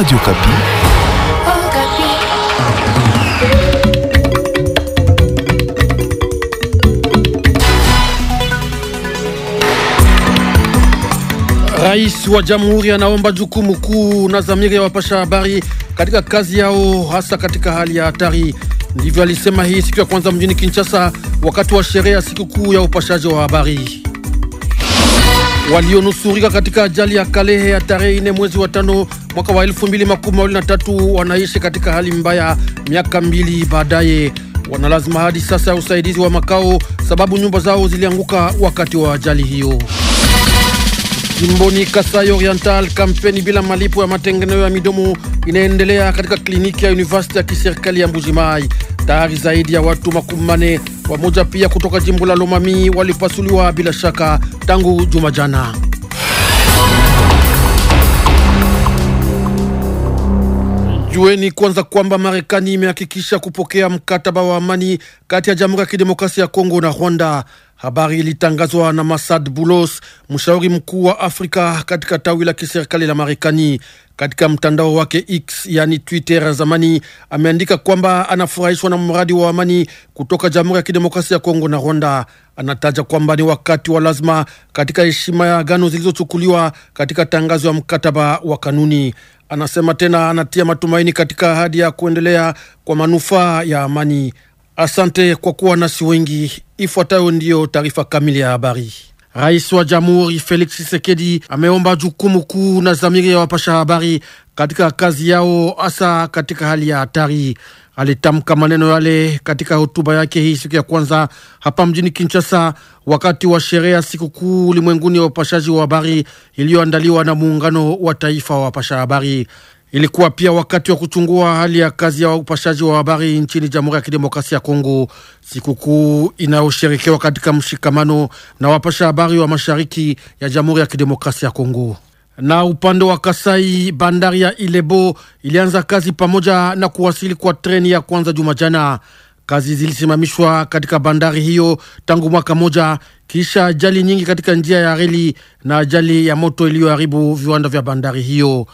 Radio Kapi. Rais wa Jamhuri anaomba jukumu kuu na zamiri ya wapasha habari katika kazi yao hasa katika hali ya hatari. Ndivyo alisema hii siku ya kwanza mjini Kinshasa wakati wa sherehe ya sikukuu ya upashaji wa habari. Walionusurika katika ajali ya Kalehe ya tarehe ine mwezi wa tano mwaka wa tatu wanaishi katika hali mbaya miaka mbili baadaye. Wanalazima hadi sasa ya usaidizi wa makao sababu nyumba zao zilianguka wakati wa ajali hiyo. Jimboni Kasai Oriental, kampeni bila malipo ya matengenezo ya midomo inaendelea katika kliniki ya university ya kiserikali ya Mbujimai. Tayari zaidi ya watu makumi manne Wamoja pia kutoka jimbo la Lomami walipasuliwa bila shaka tangu juma jana. Jueni kwanza kwamba Marekani imehakikisha kupokea mkataba wa amani kati ya Jamhuri ya Kidemokrasia ya Kongo na Rwanda. Habari ilitangazwa na Masad Bulos, mshauri mkuu wa Afrika katika tawi la kiserikali la Marekani. Katika mtandao wake X, yani Twitter zamani, ameandika kwamba anafurahishwa na mradi wa amani kutoka Jamhuri ya Kidemokrasia ya Kongo na Rwanda. Anataja kwamba ni wakati wa lazima katika heshima ya agano zilizochukuliwa katika tangazo ya mkataba wa kanuni. Anasema tena anatia matumaini katika ahadi ya kuendelea kwa manufaa ya amani. Asante kwa kuwa nasi wengi. Ifuatayo ndiyo taarifa kamili ya habari. Rais wa Jamhuri Felix Tshisekedi ameomba jukumu kuu na zamiri ya wapasha habari katika kazi yao, hasa katika hali ya hatari alitamka maneno yale katika hotuba yake hii siku ya kwanza hapa mjini Kinshasa wakati wa sherehe ya sikukuu ulimwenguni ya upashaji wa habari iliyoandaliwa na muungano wa taifa wa wapasha habari. Ilikuwa pia wakati wa kuchungua hali ya kazi ya upashaji wa habari nchini Jamhuri ya Kidemokrasia ya Kongo, sikukuu inayosherekewa katika mshikamano na wapasha habari wa mashariki ya Jamhuri ya Kidemokrasia ya Kongo. Na upande wa Kasai, bandari ya Ilebo ilianza kazi pamoja na kuwasili kwa treni ya kwanza Jumajana. Kazi zilisimamishwa katika bandari hiyo tangu mwaka moja kisha ajali nyingi katika njia ya reli na ajali ya moto iliyoharibu viwanda vya bandari hiyo.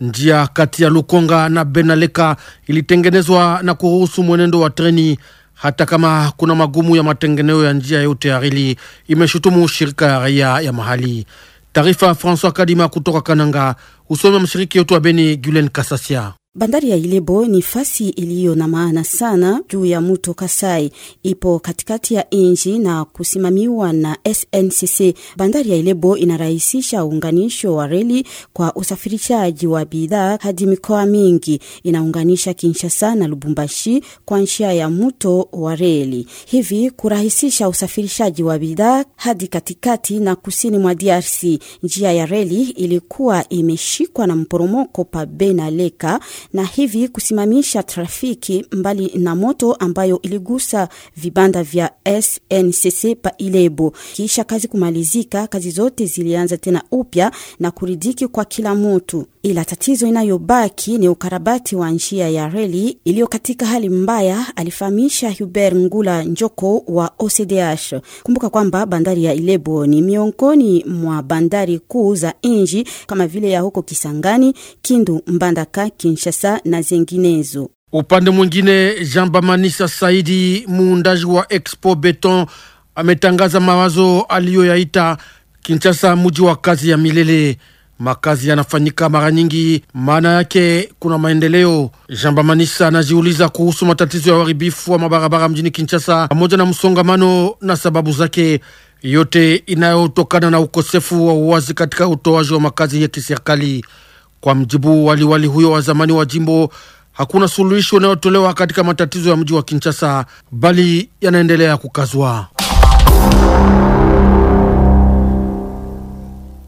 Njia kati ya Lukonga na Benaleka ilitengenezwa na kuruhusu mwenendo wa treni, hata kama kuna magumu ya matengenezo ya njia yote ya reli, imeshutumu shirika ya raia ya mahali. Taarifa François Kadima kutoka Kananga, usome mshiriki wetu wa Beni Gulen Kasasia. Bandari ya Ilebo ni fasi iliyo na maana sana juu ya mto Kasai. Ipo katikati ya nchi na kusimamiwa na SNCC. Bandari ya Ilebo inarahisisha uunganisho wa reli kwa usafirishaji wa bidhaa hadi mikoa mingi. Inaunganisha Kinshasa na Lubumbashi kwa njia ya mto wa reli, hivi kurahisisha usafirishaji wa bidhaa hadi katikati na kusini mwa DRC. Njia ya reli ilikuwa imeshikwa na mporomoko pa Benaleka na hivi kusimamisha trafiki, mbali na moto ambayo iligusa vibanda vya SNCC pa Ilebo. Kisha kazi kumalizika, kazi zote zilianza tena upya na kuridiki kwa kila mtu ila tatizo inayobaki ni ukarabati wa njia ya reli iliyo katika hali mbaya, alifahamisha Hubert Ngula Njoko wa OCDH. Kumbuka kwamba bandari ya Ilebo ni miongoni mwa bandari kuu za nji kama vile ya huko Kisangani, Kindu, Mbandaka, Kinshasa na zinginezo. Upande mwingine, jean bamanisa Saidi, muundaji wa Expo Beton, ametangaza mawazo aliyoyaita Kinshasa, muji wa kazi ya milele makazi yanafanyika mara nyingi, maana yake kuna maendeleo. Jamba Manisa anajiuliza kuhusu matatizo ya uharibifu wa mabarabara mjini Kinshasa pamoja na msongamano na sababu zake yote inayotokana na ukosefu wa uwazi katika utoaji wa makazi ya kiserikali. Kwa mjibu waliwali wali huyo wa zamani wa jimbo, hakuna suluhisho inayotolewa katika matatizo ya mji wa Kinshasa, bali yanaendelea kukazwa.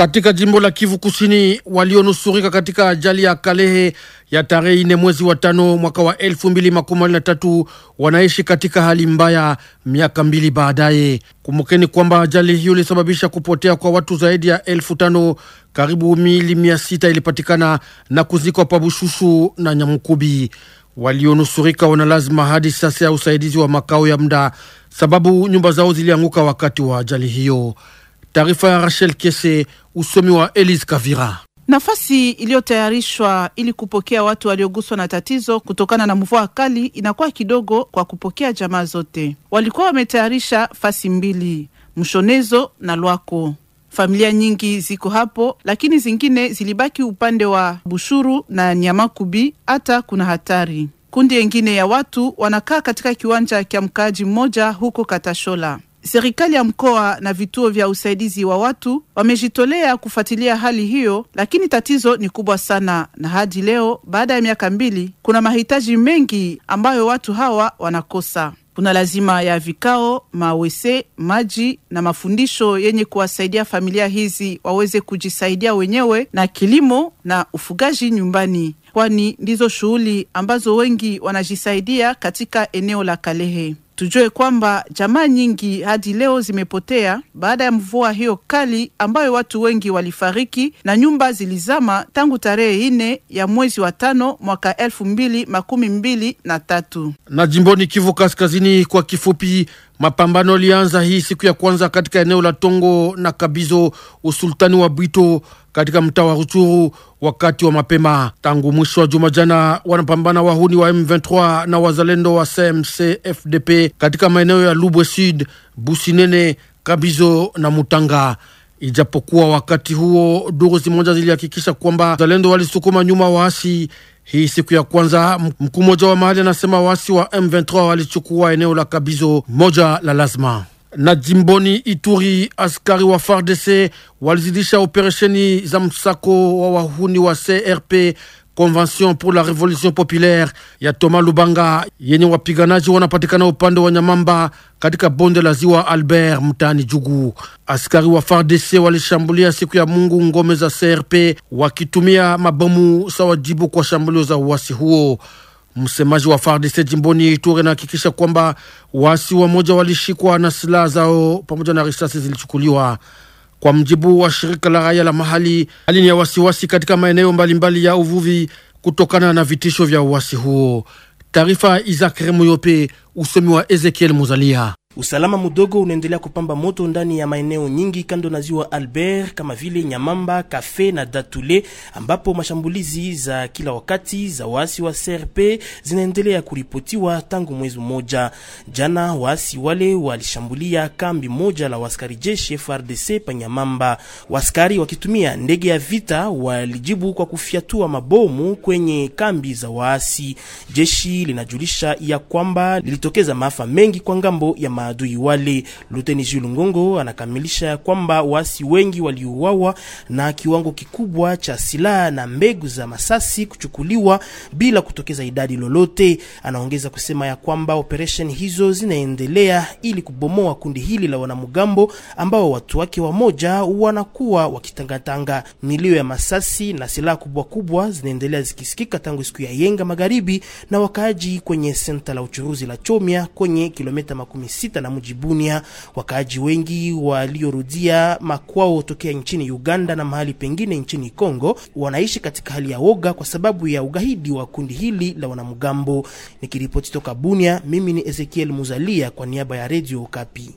Katika jimbo la Kivu Kusini, walionusurika katika ajali ya Kalehe ya tarehe ine mwezi wa tano mwaka wa elfu mbili makumi mbili na tatu wanaishi katika hali mbaya miaka mbili baadaye. Kumbukeni kwamba ajali hiyo ilisababisha kupotea kwa watu zaidi ya elfu tano karibu miili mia sita ilipatikana na kuzikwa Pabushushu na Nyamukubi. Walionusurika wana lazima hadi sasa ya usaidizi wa makao ya muda, sababu nyumba zao zilianguka wakati wa ajali hiyo. Taarifa ya Rachel Kese, usomi wa Elise Kavira. Nafasi iliyotayarishwa ili kupokea watu walioguswa na tatizo kutokana na mvua kali inakuwa kidogo kwa kupokea jamaa zote. Walikuwa wametayarisha fasi mbili, Mshonezo na Lwako. Familia nyingi ziko hapo, lakini zingine zilibaki upande wa Bushuru na Nyamakubi. Hata kuna hatari, kundi yengine ya watu wanakaa katika kiwanja cha mkaaji mmoja huko Katashola. Serikali ya mkoa na vituo vya usaidizi wa watu wamejitolea kufuatilia hali hiyo, lakini tatizo ni kubwa sana, na hadi leo baada ya miaka mbili kuna mahitaji mengi ambayo watu hawa wanakosa. Kuna lazima ya vikao, mawese, maji na mafundisho yenye kuwasaidia familia hizi waweze kujisaidia wenyewe na kilimo na ufugaji nyumbani, kwani ndizo shughuli ambazo wengi wanajisaidia katika eneo la Kalehe. Tujue kwamba jamaa nyingi hadi leo zimepotea baada ya mvua hiyo kali ambayo watu wengi walifariki na nyumba zilizama tangu tarehe nne ya mwezi wa tano mwaka elfu mbili makumi mbili na tatu. Na jimboni Kivu Kaskazini, kwa kifupi, mapambano yalianza hii siku ya kwanza katika eneo la Tongo na Kabizo, usultani wa Bwito katika mtaa wa Ruchuru wakati wa mapema. Tangu mwisho wa juma jana, wanapambana wahuni wa M23 na wazalendo wa CMC FDP katika maeneo ya Lubwe Sud, Businene, Kabizo na Mutanga. Ijapokuwa wakati huo duru zimoja zilihakikisha kwamba wazalendo walisukuma nyuma waasi hii siku ya kwanza, mkuu mmoja wa mahali anasema waasi wa M23 walichukua eneo la Kabizo moja la lazima. Na jimboni Ituri, askari wa FARDC walizidisha operesheni za msako wa wahuni wa CRP Convention pour la Revolution Populaire ya Thomas Lubanga yenye wapiganaji wanapatikana upande wa Nyamamba katika bonde la Ziwa Albert mtaani Jugu. Askari wa FARDC walishambulia siku ya Mungu ngome za CRP wakitumia mabomu sawa jibu kwa shambulio za uasi huo. Msemaji wa FARDC jimboni Ituri anahakikisha kwamba waasi wa moja walishikwa na silaha zao pamoja na risasi zilichukuliwa. Kwa mjibu wa shirika la raia la mahali, hali ni ya wasiwasi katika maeneo mbalimbali ya uvuvi kutokana na vitisho vya uasi huo. Taarifa Isak Remuyope, usomi wa Ezekiel Muzalia. Usalama mdogo unaendelea kupamba moto ndani ya maeneo nyingi kando na ziwa Albert kama vile Nyamamba, Kafe na Datule, ambapo mashambulizi za kila wakati za waasi wa CRP zinaendelea kuripotiwa tangu mwezi mmoja. Jana waasi wale walishambulia kambi moja la waskari jeshi frdc pa Nyamamba. Waskari wakitumia ndege ya vita walijibu kwa kufyatua mabomu kwenye kambi za waasi. Jeshi linajulisha ya kwamba lilitokeza maafa mengi kwa ngambo ya maadui wale. Luteni Julungongo Ngongo anakamilisha kwamba waasi wengi waliuawa na kiwango kikubwa cha silaha na mbegu za masasi kuchukuliwa bila kutokeza idadi lolote. Anaongeza kusema ya kwamba operation hizo zinaendelea ili kubomoa kundi hili la wanamgambo ambao watu wake wamoja wanakuwa wakitangatanga. Milio ya masasi na silaha kubwa kubwa zinaendelea zikisikika tangu siku ya yenga magharibi na wakaaji kwenye senta la uchuruzi la Chomia kwenye kilomita makumi sita sita na mujibunia. Wakaaji wengi waliorudia makwao tokea nchini Uganda na mahali pengine nchini Kongo wanaishi katika hali ya woga kwa sababu ya ugaidi wa kundi hili la wanamgambo. Nikiripoti toka Bunia, mimi ni Ezekiel Muzalia kwa niaba ya Radio Kapi.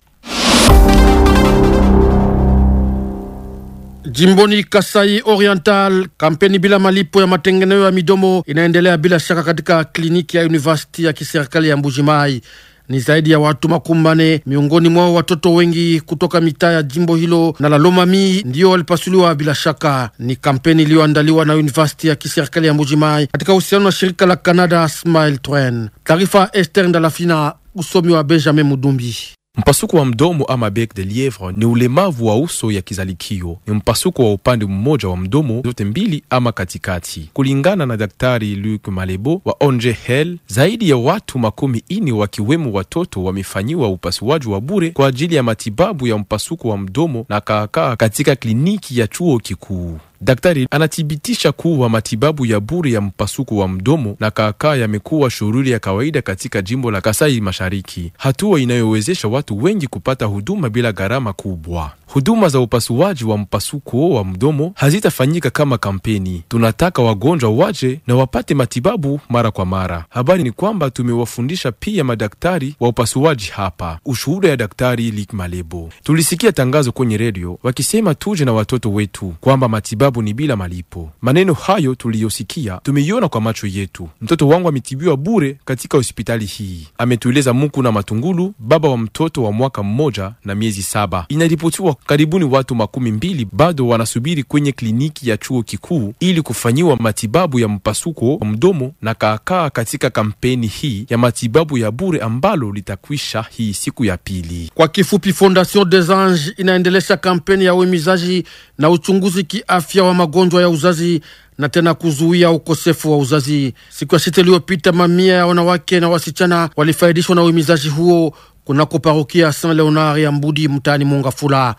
Jimboni Kasai Oriental, kampeni bila malipo ya matengenezo ya midomo inaendelea bila shaka katika kliniki ya university ya kiserikali ya Mbujimai. Ni zaidi ya watu makumi manne, miongoni mwao watoto wengi kutoka mitaa ya jimbo hilo na la Lomami ndiyo walipasuliwa bila shaka. Ni kampeni iliyoandaliwa na University ya kiserikali ya Mbujimai katika uhusiano na shirika la Canada Smile Train. Taarifa Esther Ndalafina, usomi wa Benjamin Mudumbi. Mpasuko wa mdomo ama bec de lievre ni ulemavu wa uso ya kizalikio, ni mpasuko wa upande mmoja wa mdomo zote mbili ama katikati. Kulingana na Daktari Luc Malebo wa Onge Hel, zaidi ya watu makumi ini wakiwemo watoto wamefanyiwa upasuaji wa bure kwa ajili ya matibabu ya mpasuko wa mdomo na kaakaa katika kliniki ya chuo kikuu. Daktari anathibitisha kuwa matibabu ya bure ya mpasuko wa mdomo na kaakaa yamekuwa shughuli ya kawaida katika jimbo la Kasai Mashariki, hatua inayowezesha watu wengi kupata huduma bila gharama kubwa. Huduma za upasuaji wa mpasuko wa mdomo hazitafanyika kama kampeni. Tunataka wagonjwa waje na wapate matibabu mara kwa mara. Habari ni kwamba tumewafundisha pia madaktari wa upasuaji hapa. Ushuhuda ya Daktari Lik Malebo, tulisikia tangazo kwenye redio wakisema tuje na watoto wetu kwamba matibabu matibabu ni bila malipo. Maneno hayo tuliyosikia tumeiona kwa macho yetu. Mtoto wangu ametibiwa bure katika hospitali hii, ametueleza Muku na Matungulu, baba wa mtoto wa mwaka mmoja na miezi saba. Inaripotiwa karibuni watu makumi mbili bado wanasubiri kwenye kliniki ya chuo kikuu ili kufanyiwa matibabu ya mpasuko wa mdomo na kaakaa katika kampeni hii ya matibabu ya bure ambalo litakwisha hii siku ya pili. Kwa kifupi, Fondation des Anges inaendelesha kampeni ya uhimizaji na uchunguzi kiafya wa magonjwa ya uzazi na tena kuzuia ukosefu wa uzazi. Siku ya sita iliyopita, mamia ya wanawake na wasichana walifaidishwa na uhimizaji huo kunako parokia Saint Leonard ya Mbudi mtaani Mongafula.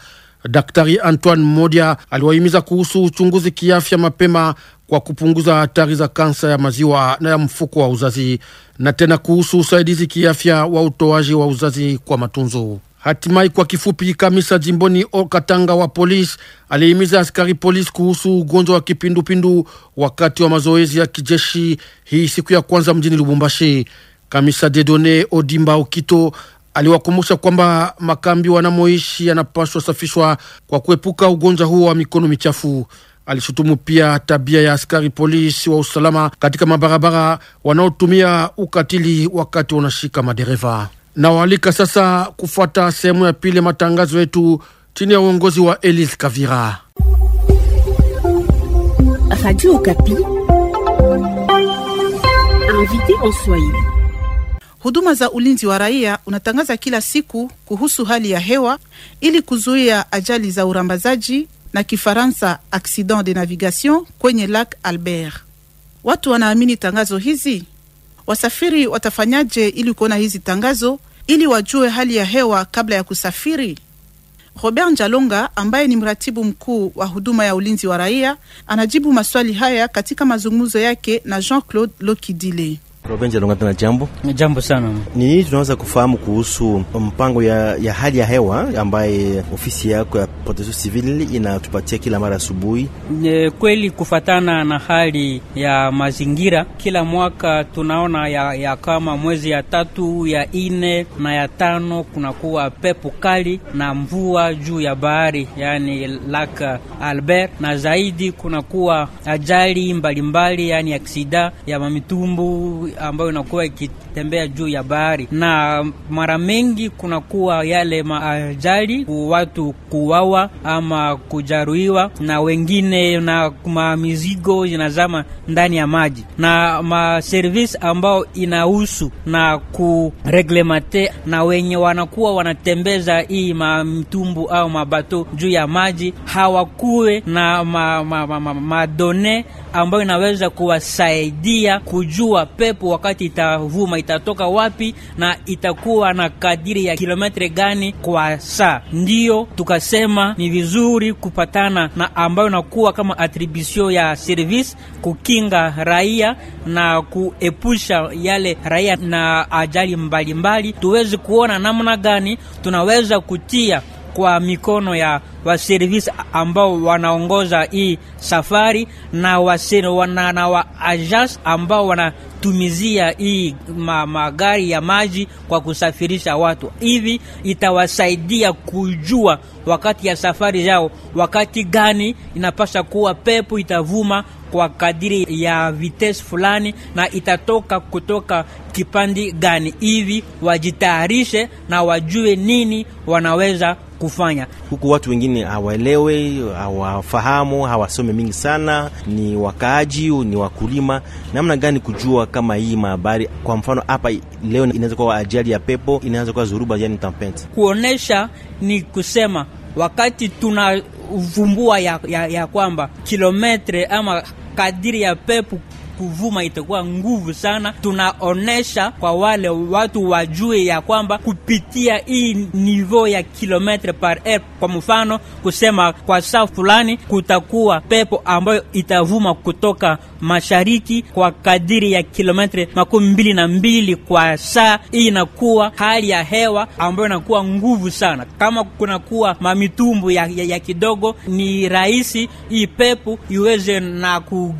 Daktari Antoine Modia aliwahimiza kuhusu uchunguzi kiafya mapema kwa kupunguza hatari za kansa ya maziwa na ya mfuko wa uzazi na tena kuhusu usaidizi kiafya wa utoaji wa uzazi kwa matunzo. Hatimaye, kwa kifupi, kamisa jimboni okatanga wa polisi alihimiza askari polisi kuhusu ugonjwa wa kipindupindu wakati wa mazoezi ya kijeshi hii siku ya kwanza mjini Lubumbashi. Kamisa Dedone Odimba Okito aliwakumbusha kwamba makambi wanamoishi yanapaswa safishwa kwa kuepuka ugonjwa huo wa mikono michafu. Alishutumu pia tabia ya askari polisi wa usalama katika mabarabara wanaotumia ukatili wakati wanashika madereva. Nawaalika sasa kufuata sehemu ya pili ya matangazo yetu chini ya uongozi wa Elise Kavira. Huduma za ulinzi wa raia unatangaza kila siku kuhusu hali ya hewa ili kuzuia ajali za urambazaji na Kifaransa accident de navigation kwenye Lac Albert. Watu wanaamini tangazo hizi Wasafiri watafanyaje ili kuona hizi tangazo ili wajue hali ya hewa kabla ya kusafiri? Robert Njalonga ambaye ni mratibu mkuu wa huduma ya ulinzi wa raia anajibu maswali haya katika mazungumzo yake na Jean-Claude Lokidile. Robenje tena jambo. Jambo sana. Ni nini tunaweza kufahamu kuhusu mpango ya, ya hali ya hewa ambaye ofisi yako ya Protection Civil inatupatia kila mara asubuhi? Kweli, kufatana na hali ya mazingira, kila mwaka tunaona ya, ya kama mwezi ya tatu ya ine na ya tano kunakuwa pepo kali na mvua juu ya bahari, yani Lac Albert, na zaidi kunakuwa ajali mbalimbali, yani aksida ya mamitumbu ambayo inakuwa ikitembea juu ya bahari, na mara mengi kunakuwa yale maajali, watu kuwawa ama kujaruiwa na wengine na mizigo zinazama ndani ya maji, na maservisi ambao inahusu na kureglemate na wenye wanakuwa wanatembeza hii mamtumbu au mabato juu ya maji hawakuwe na madone ma, ma, ma, ma, ambayo inaweza kuwasaidia kujua pepo wakati itavuma itatoka wapi na itakuwa na kadiri ya kilometre gani kwa saa. Ndiyo tukasema ni vizuri kupatana na ambayo inakuwa kama atribution ya service kukinga raia na kuepusha yale raia na ajali mbalimbali mbali. Tuwezi kuona namna gani tunaweza kutia kwa mikono ya waservisi ambao wanaongoza hii safari na wana, na wa agents ambao wanatumizia hii ma, magari ya maji kwa kusafirisha watu. Hivi itawasaidia kujua wakati ya safari zao, wakati gani inapasha kuwa pepo itavuma kwa kadiri ya vitesi fulani na itatoka kutoka kipandi gani, hivi wajitayarishe na wajue nini wanaweza kufanya huku. Watu wengine hawaelewe, hawafahamu, hawasome mingi sana, ni wakaaji, ni wakulima. Namna gani kujua kama hii mahabari, kwa mfano hapa leo inaweza kuwa ajali ya pepo, inaweza kuwa zuruba, yani tampenti. Kuonesha ni kusema wakati uvumbua ya, ya, ya kwamba kilometre ama kadiri ya pepo kuvuma itakuwa nguvu sana. Tunaonesha kwa wale watu wajue ya kwamba kupitia hii nivo ya kilometre par heure, kwa mfano kusema kwa saa fulani kutakuwa pepo ambayo itavuma kutoka mashariki kwa kadiri ya kilometre makumi mbili na mbili kwa saa. Hii inakuwa hali ya hewa ambayo inakuwa nguvu sana. Kama kunakuwa mamitumbu ya, ya, ya kidogo, ni rahisi hii pepo iweze na ku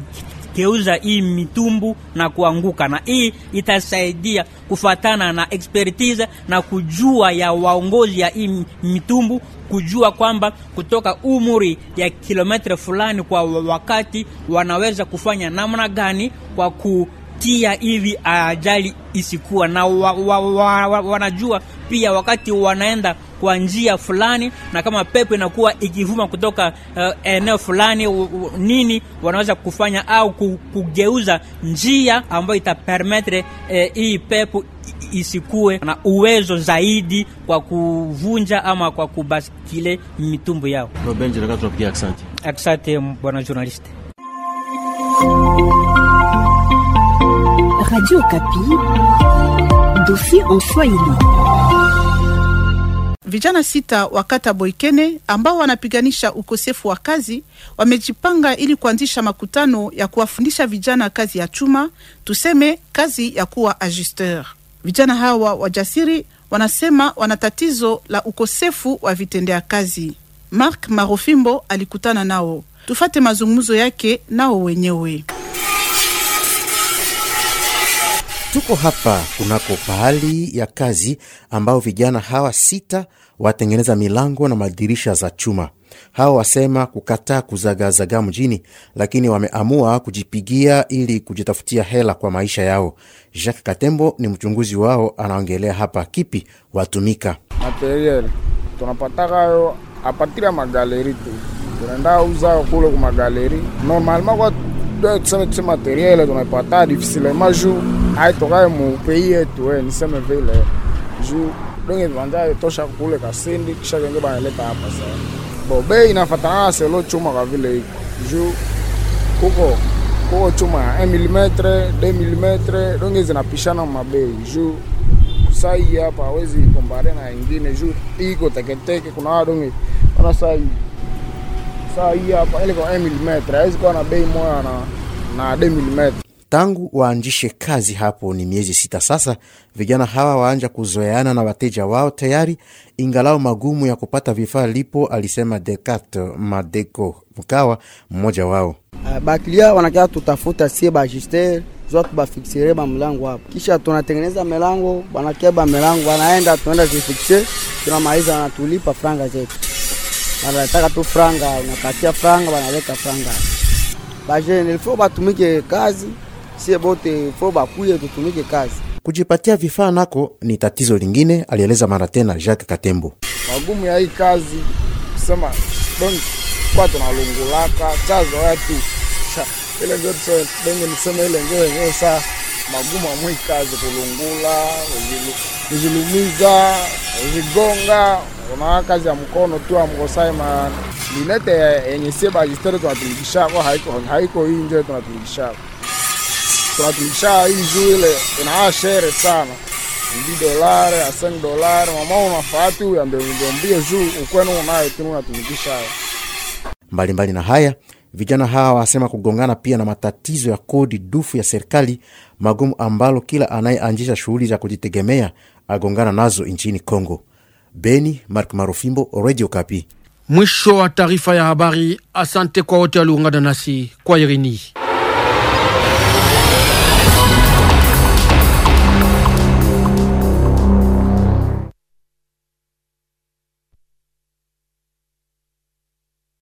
kugeuza hii mitumbu na kuanguka, na hii itasaidia kufatana na expertise na kujua ya waongozi ya hii mitumbu kujua kwamba kutoka umri ya kilometre fulani kwa wakati wanaweza kufanya namna gani kwa ku kupitia ili ajali isikuwa na wa, wa, wa, wa, wanajua pia wakati wanaenda kwa njia fulani, na kama pepo inakuwa ikivuma kutoka uh, eneo fulani u, u, nini wanaweza kufanya au kugeuza njia ambayo itapermetre eh, hii pepo isikue na uwezo zaidi kwa kuvunja ama kwa kubaskile mitumbu yao. Asante bwana journaliste. Radio Kapi, dossier en Swahili. Vijana sita wa kata Boikene ambao wanapiganisha ukosefu wa kazi wamejipanga ili kuanzisha makutano ya kuwafundisha vijana kazi ya chuma, tuseme kazi ya kuwa ajusteur. Vijana hawa wajasiri wanasema wana tatizo la ukosefu wa vitendea kazi. Mark Marofimbo alikutana nao, tufate mazungumzo yake nao wenyewe. Tuko hapa kunako pahali ya kazi ambao vijana hawa sita watengeneza milango na madirisha za chuma. Hawa wasema kukataa kuzagazaga mjini, lakini wameamua kujipigia ili kujitafutia hela kwa maisha yao. Jacques Katembo ni mchunguzi wao, anaongelea hapa kipi watumika materiel yo apatira magaleri tu tunaenda uzao kule kumagaleri normalma kwa doit être matériel, on n'est pas tard, difficilement joue. Aïe, t'auras mon pays, tu es, nous sommes veillés. Joue, donc il vendra tocha pour le a chacun qui va aller par passer. Bon, ben, il n'a pas tard, c'est l'autre chuma à ville. coco, coco chuma, 1 mm, 2 mm, donc ils n'ont pas na mabe. Joue, ça y est, pas, ouais, ils comparent à une dîner, joue, tico, teque, teque, qu'on a donné. On a ça Saa hii hapa ile kwa 1mm haizi kuwa na bei moja na, na 2mm. Tangu waanjishe kazi hapo ni miezi sita sasa, vijana hawa waanja kuzoeana na wateja wao tayari, ingalao magumu ya kupata vifaa lipo, alisema Dekat Madeko Mkawa, mmoja wao. Uh, baklia wanakaa tutafuta sie bajister zwa tubafiksire bamilango hapo, kisha tunatengeneza milango, banakia melango wanaenda tunaenda zifikse, tunamaliza, wanatulipa franga zetu wanataka tu franga, unakatia franga, wanaweka franga. Bajene ifo batumike kazi, sie bote ifo bakuye tutumike kazi. Kujipatia vifaa nako ni tatizo lingine, alieleza mara tena Jacques Katembo. Magumu ya hii kazi kusema don kwa tunalungulaka chazo watu ile ndio tuseme, donge niseme ile ndio yenyewe saa magumu ya kazi kulungula kuzulumiza, kuzigonga, unaona kazi ya mkono tu amkosai ma linete yenye sie bajisteri tunatulikishako haiko, haiko hii njo tunatulikishako tunatulikisha hii zuile inaa shere sana mbi dolare a 5 dolare mama unafati uyambeviombie juu ukwenu unayo tini unatumikishayo mbalimbali na haya vijana hawa wasema kugongana pia na matatizo ya kodi dufu ya serikali magumu ambalo kila anayeanzisha shughuli za kujitegemea agongana nazo nchini congo Beni, Mark Marufimbo, Radio Kapi. Mwisho wa taarifa ya habari. Asante kwa wote waliungana nasi kwa Irini.